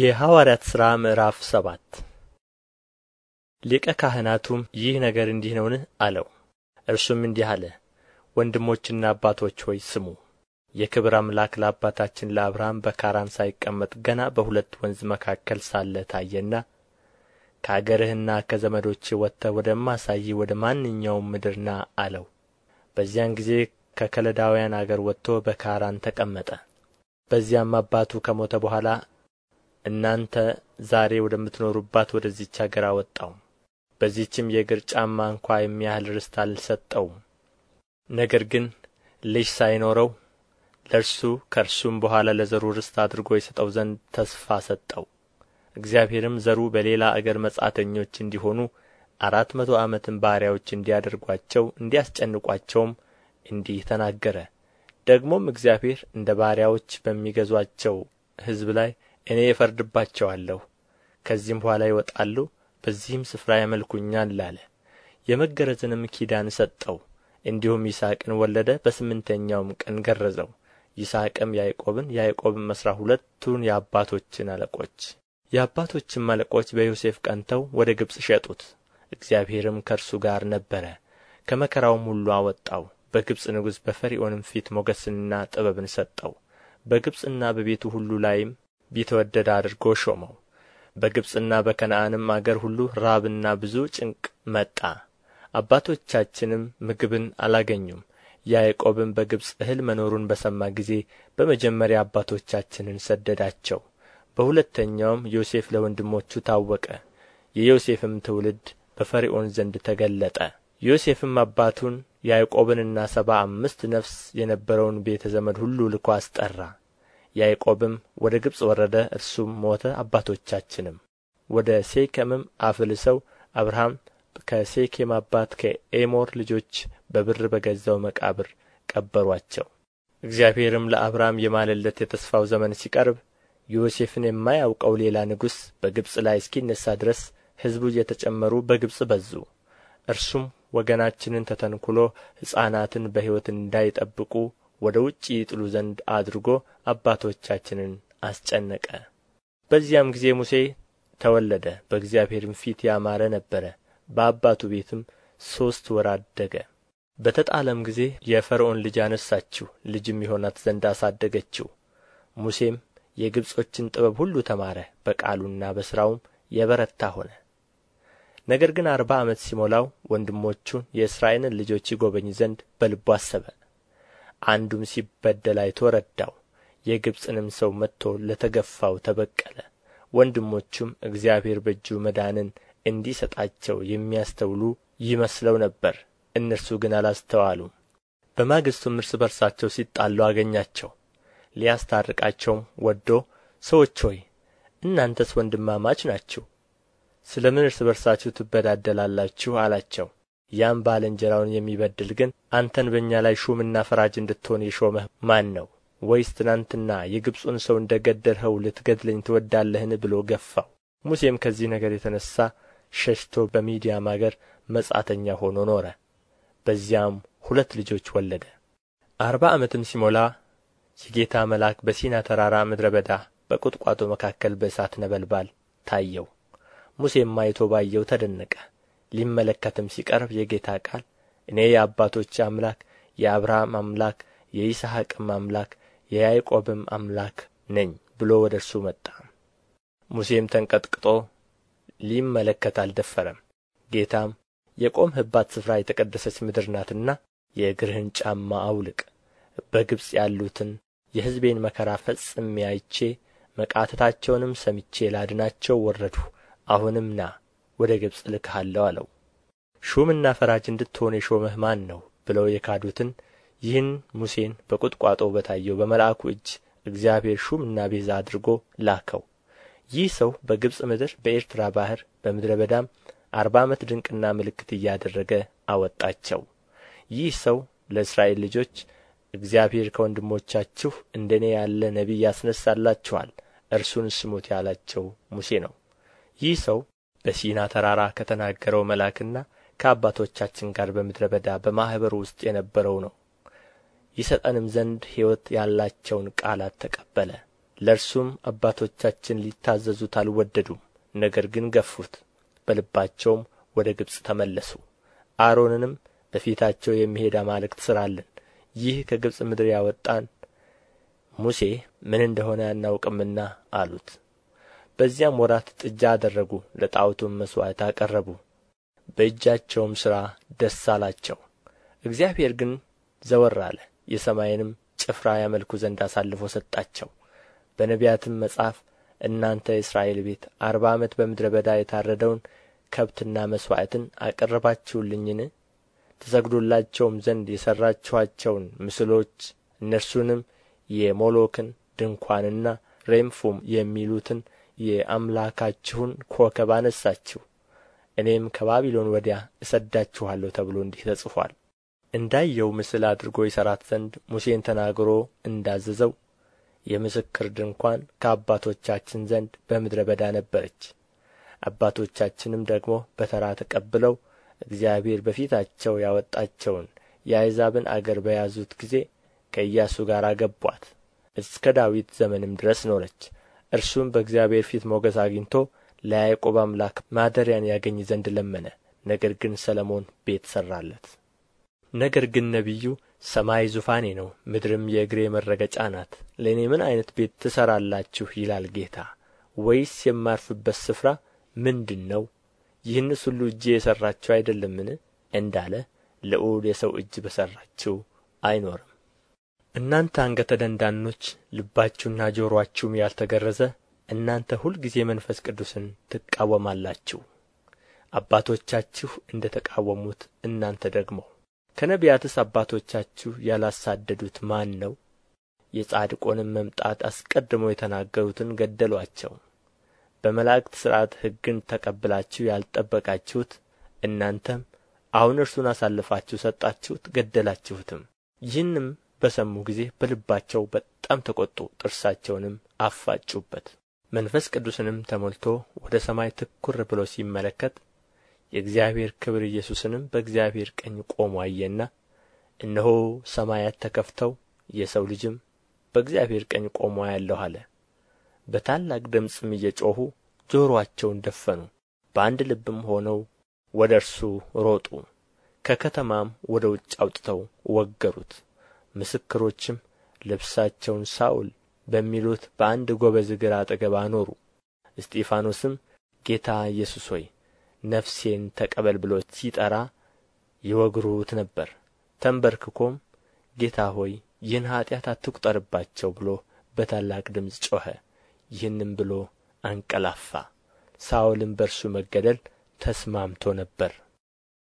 የሐዋርያት ሥራ ምዕራፍ ሰባት ሊቀ ካህናቱም ይህ ነገር እንዲህ ነውን? አለው። እርሱም እንዲህ አለ፣ ወንድሞችና አባቶች ሆይ ስሙ። የክብር አምላክ ለአባታችን ለአብርሃም በካራን ሳይቀመጥ ገና በሁለት ወንዝ መካከል ሳለ ታየና ከአገርህና ከዘመዶችህ ወጥተህ ወደማሳይህ ወደ ማንኛውም ምድር ና አለው። በዚያን ጊዜ ከከለዳውያን አገር ወጥቶ በካራን ተቀመጠ። በዚያም አባቱ ከሞተ በኋላ እናንተ ዛሬ ወደምትኖሩባት ወደዚች አገር አወጣው። በዚችም የእግር ጫማ እንኳ የሚያህል ርስት አልሰጠውም። ነገር ግን ልጅ ሳይኖረው ለእርሱ ከእርሱም በኋላ ለዘሩ ርስት አድርጎ የሰጠው ዘንድ ተስፋ ሰጠው። እግዚአብሔርም ዘሩ በሌላ አገር መጻተኞች እንዲሆኑ አራት መቶ ዓመትም ባሪያዎች እንዲያደርጓቸው እንዲያስጨንቋቸውም እንዲህ ተናገረ። ደግሞም እግዚአብሔር እንደ ባሪያዎች በሚገዟቸው ሕዝብ ላይ እኔ እፈርድባቸዋለሁ ከዚህም በኋላ ይወጣሉ በዚህም ስፍራ ያመልኩኛል አለ የመገረዝንም ኪዳን ሰጠው እንዲሁም ይስሐቅን ወለደ በስምንተኛውም ቀን ገረዘው ይስሐቅም ያዕቆብን ያዕቆብም አሥራ ሁለቱን የአባቶችን አለቆች የአባቶችም አለቆች በዮሴፍ ቀንተው ወደ ግብፅ ሸጡት እግዚአብሔርም ከእርሱ ጋር ነበረ ከመከራውም ሁሉ አወጣው በግብፅ ንጉሥ በፈርዖንም ፊት ሞገስንና ጥበብን ሰጠው በግብፅና በቤቱ ሁሉ ላይም ቢተወደድ አድርጎ ሾመው። በግብፅና በከነዓንም አገር ሁሉ ራብና ብዙ ጭንቅ መጣ። አባቶቻችንም ምግብን አላገኙም። ያዕቆብም በግብፅ እህል መኖሩን በሰማ ጊዜ በመጀመሪያ አባቶቻችንን ሰደዳቸው። በሁለተኛውም ዮሴፍ ለወንድሞቹ ታወቀ፣ የዮሴፍም ትውልድ በፈርዖን ዘንድ ተገለጠ። ዮሴፍም አባቱን ያዕቆብንና ሰባ አምስት ነፍስ የነበረውን ቤተ ዘመድ ሁሉ ልኮ አስጠራ። ያዕቆብም ወደ ግብፅ ወረደ እርሱም ሞተ አባቶቻችንም ወደ ሴኬምም አፍልሰው አብርሃም ከሴኬም አባት ከኤሞር ልጆች በብር በገዛው መቃብር ቀበሯቸው። እግዚአብሔርም ለአብርሃም የማለለት የተስፋው ዘመን ሲቀርብ ዮሴፍን የማያውቀው ሌላ ንጉሥ በግብፅ ላይ እስኪነሣ ድረስ ሕዝቡ እየተጨመሩ በግብፅ በዙ። እርሱም ወገናችንን ተተንኵሎ ሕፃናትን በሕይወት እንዳይጠብቁ ወደ ውጭ ይጥሉ ዘንድ አድርጎ አባቶቻችንን አስጨነቀ። በዚያም ጊዜ ሙሴ ተወለደ፣ በእግዚአብሔርም ፊት ያማረ ነበረ። በአባቱ ቤትም ሦስት ወር አደገ። በተጣለም ጊዜ የፈርዖን ልጅ አነሳችው፣ ልጅም የሆናት ዘንድ አሳደገችው። ሙሴም የግብጾችን ጥበብ ሁሉ ተማረ፣ በቃሉና በሥራውም የበረታ ሆነ። ነገር ግን አርባ ዓመት ሲሞላው ወንድሞቹን የእስራኤልን ልጆች ይጐበኝ ዘንድ በልቡ አሰበ። አንዱም ሲበደል አይቶ ረዳው የግብጽንም ሰው መጥቶ ለተገፋው ተበቀለ ወንድሞቹም እግዚአብሔር በእጁ መዳንን እንዲሰጣቸው የሚያስተውሉ ይመስለው ነበር እነርሱ ግን አላስተዋሉም በማግስቱም እርስ በርሳቸው ሲጣሉ አገኛቸው ሊያስታርቃቸውም ወዶ ሰዎች ሆይ እናንተስ ወንድማማች ናችሁ ስለ ምን እርስ በርሳችሁ ትበዳደላላችሁ አላቸው ያም ባልንጀራውን የሚበድል ግን አንተን በእኛ ላይ ሹምና ፈራጅ እንድትሆን የሾመህ ማን ነው ወይስ ትናንትና የግብፁን ሰው እንደ ገደልኸው ልትገድለኝ ትወዳለህን ብሎ ገፋው ሙሴም ከዚህ ነገር የተነሣ ሸሽቶ በሚዲያም አገር መጻተኛ ሆኖ ኖረ በዚያም ሁለት ልጆች ወለደ አርባ ዓመትም ሲሞላ የጌታ መልአክ በሲና ተራራ ምድረ በዳ በቁጥቋጦ መካከል በእሳት ነበልባል ታየው ሙሴም አይቶ ባየው ተደነቀ ሊመለከትም ሲቀርብ የጌታ ቃል እኔ የአባቶች አምላክ የአብርሃም አምላክ የይስሐቅም አምላክ የያዕቆብም አምላክ ነኝ ብሎ ወደ እርሱ መጣ። ሙሴም ተንቀጥቅጦ ሊመለከት አልደፈረም። ጌታም የቆምህባት ስፍራ የተቀደሰች ምድር ናትና የእግርህን ጫማ አውልቅ፣ በግብፅ ያሉትን የሕዝቤን መከራ ፈጽሜ አይቼ መቃተታቸውንም ሰምቼ ላድናቸው ወረድሁ። አሁንም ና ወደ ግብፅ እልክሃለሁ አለው ሹምና ፈራጅ እንድትሆን የሾመህ ማን ነው ብለው የካዱትን ይህን ሙሴን በቁጥቋጦ በታየው በመልአኩ እጅ እግዚአብሔር ሹምና ቤዛ አድርጎ ላከው ይህ ሰው በግብፅ ምድር በኤርትራ ባሕር በምድረ በዳም አርባ ዓመት ድንቅና ምልክት እያደረገ አወጣቸው ይህ ሰው ለእስራኤል ልጆች እግዚአብሔር ከወንድሞቻችሁ እንደ እኔ ያለ ነቢይ ያስነሳላችኋል፣ እርሱን ስሙት ያላቸው ሙሴ ነው ይህ ሰው በሲና ተራራ ከተናገረው መልአክና ከአባቶቻችን ጋር በምድረ በዳ በማኅበሩ ውስጥ የነበረው ነው። ይሰጠንም ዘንድ ሕይወት ያላቸውን ቃላት ተቀበለ። ለእርሱም አባቶቻችን ሊታዘዙት አልወደዱም፣ ነገር ግን ገፉት። በልባቸውም ወደ ግብፅ ተመለሱ። አሮንንም በፊታቸው የሚሄድ አማልክት ሥራልን፣ ይህ ከግብፅ ምድር ያወጣን ሙሴ ምን እንደሆነ አናውቅምና አሉት። በዚያም ወራት ጥጃ አደረጉ ለጣዖቱም መሥዋዕት አቀረቡ በእጃቸውም ሥራ ደስ አላቸው እግዚአብሔር ግን ዘወር አለ የሰማይንም ጭፍራ ያመልኩ ዘንድ አሳልፎ ሰጣቸው በነቢያትም መጽሐፍ እናንተ የእስራኤል ቤት አርባ ዓመት በምድረ በዳ የታረደውን ከብትና መሥዋዕትን አቀረባችሁልኝን ተሰግዶላቸውም ዘንድ የሠራችኋቸውን ምስሎች እነርሱንም የሞሎክን ድንኳንና ሬምፉም የሚሉትን የአምላካችሁን ኮከብ አነሳችሁ እኔም ከባቢሎን ወዲያ እሰዳችኋለሁ ተብሎ እንዲህ ተጽፏል። እንዳየው ምስል አድርጎ ይሠራት ዘንድ ሙሴን ተናግሮ እንዳዘዘው የምስክር ድንኳን ከአባቶቻችን ዘንድ በምድረ በዳ ነበረች። አባቶቻችንም ደግሞ በተራ ተቀብለው እግዚአብሔር በፊታቸው ያወጣቸውን የአሕዛብን አገር በያዙት ጊዜ ከኢያሱ ጋር አገቧት፣ እስከ ዳዊት ዘመንም ድረስ ኖረች። እርሱም በእግዚአብሔር ፊት ሞገስ አግኝቶ ለያዕቆብ አምላክ ማደሪያን ያገኝ ዘንድ ለመነ ነገር ግን ሰለሞን ቤት ሠራለት ነገር ግን ነቢዩ ሰማይ ዙፋኔ ነው ምድርም የእግሬ መረገጫ ናት ለእኔ ምን ዐይነት ቤት ትሠራላችሁ ይላል ጌታ ወይስ የማርፍበት ስፍራ ምንድን ነው ይህንስ ሁሉ እጄ የሠራችው አይደለምን እንዳለ ልዑል የሰው እጅ በሠራችው አይኖርም እናንተ አንገተ ደንዳኖች ልባችሁና ጆሮአችሁም ያልተገረዘ እናንተ ሁልጊዜ መንፈስ ቅዱስን ትቃወማላችሁ አባቶቻችሁ እንደ ተቃወሙት እናንተ ደግሞ ከነቢያትስ አባቶቻችሁ ያላሳደዱት ማን ነው የጻድቆንም መምጣት አስቀድሞ የተናገሩትን ገደሏቸው በመላእክት ሥርዓት ሕግን ተቀብላችሁ ያልጠበቃችሁት እናንተም አሁን እርሱን አሳልፋችሁ ሰጣችሁት ገደላችሁትም ይህንም በሰሙ ጊዜ በልባቸው በጣም ተቆጡ ጥርሳቸውንም አፋጩበት። መንፈስ ቅዱስንም ተሞልቶ ወደ ሰማይ ትኩር ብሎ ሲመለከት የእግዚአብሔር ክብር ኢየሱስንም በእግዚአብሔር ቀኝ ቆሞ አየና እነሆ ሰማያት ተከፍተው የሰው ልጅም በእግዚአብሔር ቀኝ ቆሞ ያለሁ አለ። በታላቅ ድምፅም እየጮኹ ጆሮአቸውን ደፈኑ፣ በአንድ ልብም ሆነው ወደ እርሱ ሮጡ። ከከተማም ወደ ውጭ አውጥተው ወገሩት። ምስክሮችም ልብሳቸውን ሳውል በሚሉት በአንድ ጎበዝ እግር አጠገብ አኖሩ እስጢፋኖስም ጌታ ኢየሱስ ሆይ ነፍሴን ተቀበል ብሎ ሲጠራ ይወግሩት ነበር ተንበርክኮም ጌታ ሆይ ይህን ኀጢአት አትቁጠርባቸው ብሎ በታላቅ ድምፅ ጮኸ ይህንም ብሎ አንቀላፋ ሳውልም በእርሱ መገደል ተስማምቶ ነበር